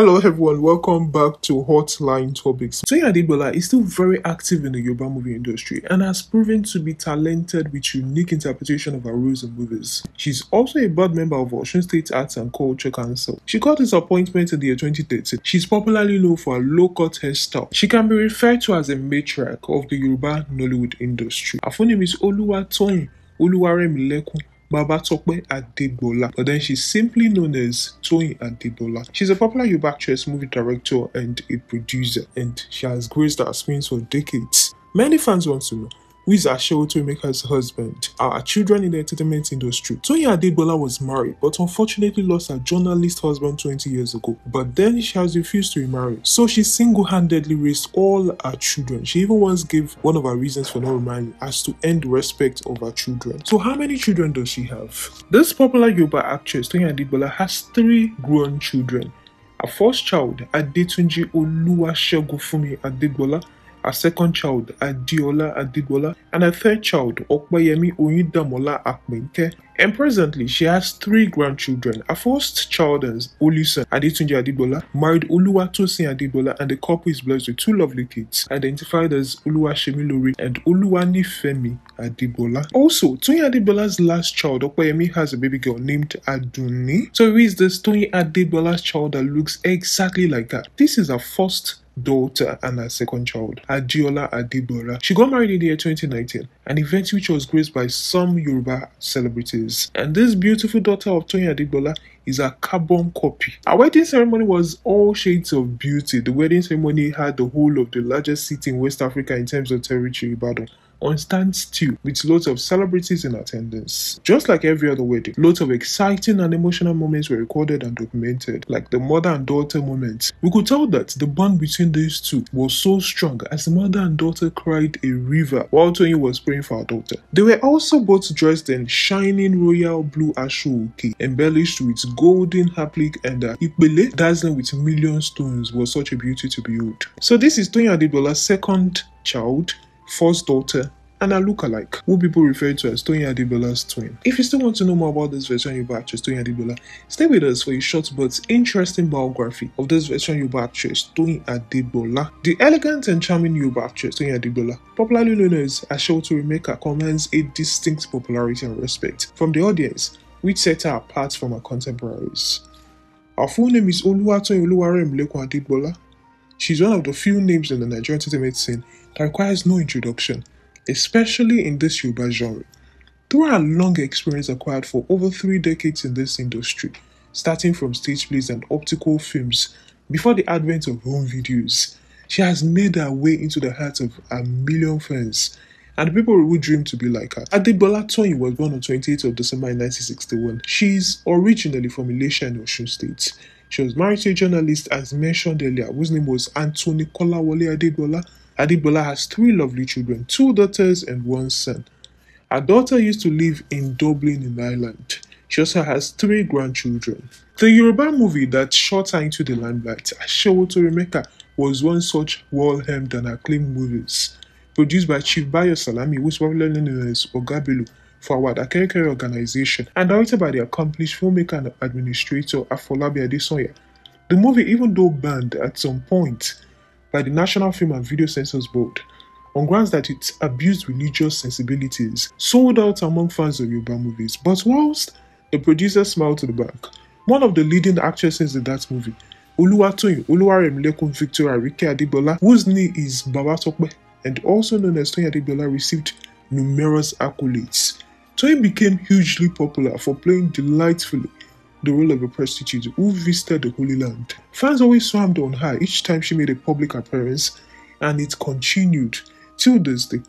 Hello everyone, welcome back to Hotline Topics. Toyin Adibola is still very active in the Yoruba movie industry and has proven to be talented with unique interpretation of her roles in movies. She's also a board member of Osun State Arts and Culture Council. She got this appointment in the year 2013. She's popularly known for her low-cut hairstyle. She can be referred to as a matriarch of the Yoruba Nollywood industry. Her full name is Tony Oluwaremilekun Baba Babatope Adebola, but then she's simply known as Toyin Adebola. She's a popular Yoruba actress, movie director, and a producer, and she has graced our screens for decades. Many fans want to know who is make her husband, are children in the entertainment industry. Toyin Adebola was married but unfortunately lost her journalist husband 20 years ago, but then she has refused to remarry. So she single-handedly raised all her children. She even once gave one of her reasons for not remarrying as to end respect of her children. So how many children does she have? This popular Yoruba actress Tonya Adebola has three grown children. Her first child, Adetunji Oluwasegun Fumi Dibola her second child, Adiola Adibola, and her third child, Okbayemi Oyindamola Akmenke. And presently, she has three grandchildren. Her first child is Olusen Aditunji Adibola, married Oluwatosin Adibola, and the couple is blessed with two lovely kids, identified as Oluwashemi Lori and Oluwanifemi Adibola. Also, Tony Adibola's last child, Okpayemi, has a baby girl named Aduni. So who is this Tony Adibola's child that looks exactly like her? This is her first daughter and her second child, Adiola Adibora. She got married in the year 2019, an event which was graced by some Yoruba celebrities. And this beautiful daughter of Tony Adibola is a carbon copy. Our wedding ceremony was all shades of beauty. The wedding ceremony had the whole of the largest city in West Africa in terms of territory, Ibadan on standstill with lots of celebrities in attendance. Just like every other wedding, lots of exciting and emotional moments were recorded and documented, like the mother and daughter moment. We could tell that the bond between these two was so strong as the mother and daughter cried a river while Tony was praying for her daughter. They were also both dressed in shining royal blue ashoke, embellished with golden haplik and a ikbele dazzling with million stones was such a beauty to behold. So this is Tony Adibola's second child first daughter, and a look-alike, who people refer to as Tony Adebola's twin. If you still want to know more about this version Yuba actress Tony Adebola, stay with us for a short but interesting biography of this version Yuba actress Tony Adebola. The elegant and charming Yuba actress Tony Adebola, popularly known as Ashoto Remeka, commands a distinct popularity and respect from the audience, which set her apart from her contemporaries. Our full name is Oluwatoyin Oluwarem Lekun She's one of the few names in the Nigerian entertainment scene that requires no introduction, especially in this Yoruba genre. Through her long experience acquired for over three decades in this industry, starting from stage plays and optical films before the advent of home videos, she has made her way into the hearts of a million fans and people who dream to be like her. Adebola Toyin was born on 28th of December 1961. She is originally from Elisha in Osun State. She was married to a journalist, as mentioned earlier, whose name was Anthony Kolawole Adebola. Adebola has three lovely children, two daughters and one son. Her daughter used to live in Dublin in Ireland. She also has three grandchildren. The Yoruba movie that shot her into the limelight, Ashewo Remeka, was one such well-hemmed and acclaimed movies. Produced by Chief Bayo Salami, who is popularly known as Ogabelu, Forward career organization and directed by the accomplished filmmaker and administrator Afolabi Adesoya. The movie, even though banned at some point by the National Film and Video Censors Board, on grounds that it abused religious sensibilities, sold out among fans of Yoruba movies. But whilst the producer smiled to the bank, one of the leading actresses in that movie, Oluwatoyin Oluwaremilekun Victoria Rike Adibola, whose name is Baba Tokpe, and also known as Toyin Adibola, received numerous accolades Toy became hugely popular for playing delightfully the role of a prostitute who visited the Holy Land. Fans always swarmed on her each time she made a public appearance, and it continued till this day.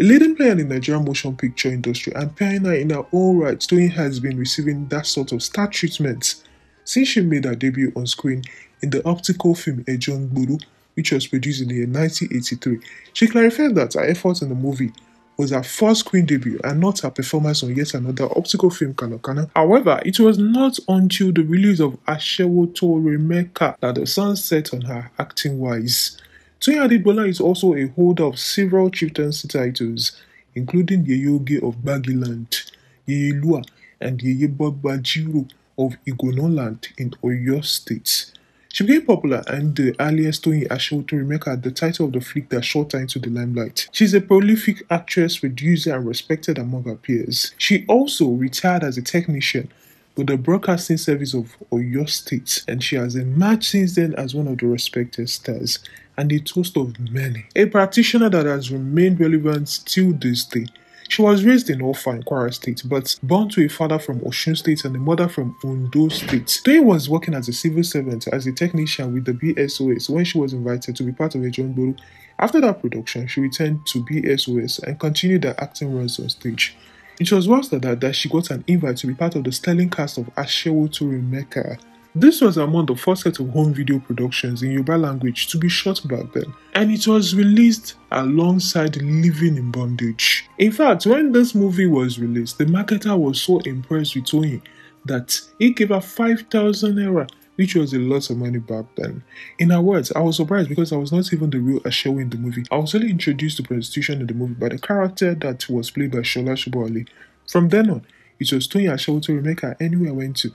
A leading player in the Nigerian motion picture industry and pioneer in her own right, Toyin has been receiving that sort of star treatment since she made her debut on screen in the optical film Ejon Guru, which was produced in the year 1983. She clarified that her efforts in the movie was her first screen debut and not her performance on yet another optical film Kalokana. However, it was not until the release of Ashewo Tore Mecca that the sun set on her acting wise. Toyin Adebola is also a holder of several chieftaincy titles, including Yeyoge of Bagiland, Yeyelua, and Yeyebobajiro of Igonoland in Oyo State. She became popular and the earliest Toyin show to remake the title of the flick that shot her into the limelight. She's a prolific actress, producer, and respected among her peers. She also retired as a technician with the broadcasting service of Oyo State, and she has emerged since then as one of the respected stars and the toast of many. A practitioner that has remained relevant till this day she was raised in Ofa, Kwara State, but born to a father from Osun State and a mother from Ondo State. Today was working as a civil servant as a technician with the BSOS when she was invited to be part of a John Boro. After that production, she returned to BSOS and continued her acting runs on stage. It was whilst at that that she got an invite to be part of the sterling cast of Ashewo Touring Mecca. This was among the first set of home video productions in Yoruba language to be shot back then, and it was released alongside Living in Bondage. In fact, when this movie was released, the marketer was so impressed with Tony that he gave her 5,000 naira, which was a lot of money back then. In other words, I was surprised because I was not even the real Ashewo in the movie. I was only introduced to prostitution in the movie by the character that was played by Shola Shubali. From then on, it was Tony Ashewo to her anywhere I went to.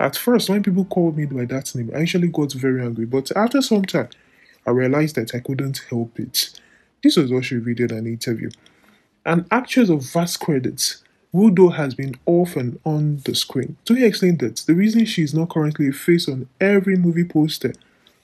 At first, when people called me by that name, I actually got very angry, but after some time, I realized that I couldn't help it. This was also revealed in an interview. An actress of vast credits, Wudo has been often on the screen. To he explain that the reason she is not currently a face on every movie poster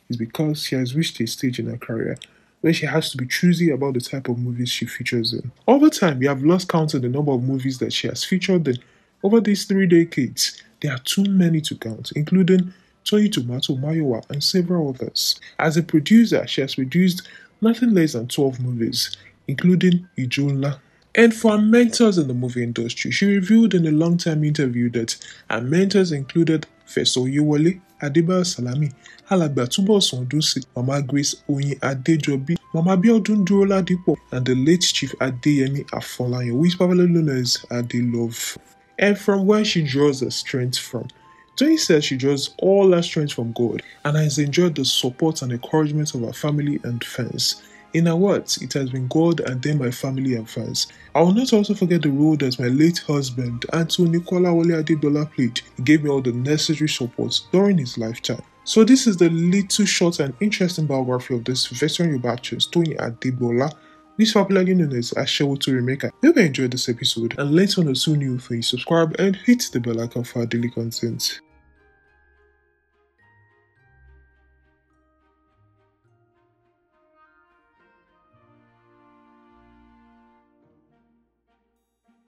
is because she has reached a stage in her career where she has to be choosy about the type of movies she features in. Over time, we have lost count of the number of movies that she has featured in over these three decades. There are too many to count, including Toyi Tomato Mayowa and several others. As a producer, she has produced nothing less than 12 movies, including Ijola. And for her mentors in the movie industry, she revealed in a long-time interview that her mentors included Feso Yewole, Adiba Salami, Alagba Tubosun Mama Grace Oyi, Adejobi, Mama Biodun Dipo, and the late Chief Adeyemi Afolayan, who is popularly known as Adelove and from where she draws her strength from. Tony says she draws all her strength from God and has enjoyed the support and encouragement of her family and friends. In her words, it has been God and then my family and friends. I will not also forget the role that my late husband, Anto Nicola Wale Adidola, played. He gave me all the necessary support during his lifetime. So this is the little short and interesting biography of this veteran Yoruba Tony Adibola, this popularly known as Ashewutu Remeka. Hope you enjoyed this episode and let us know soon new things. Subscribe and hit the bell icon for daily content.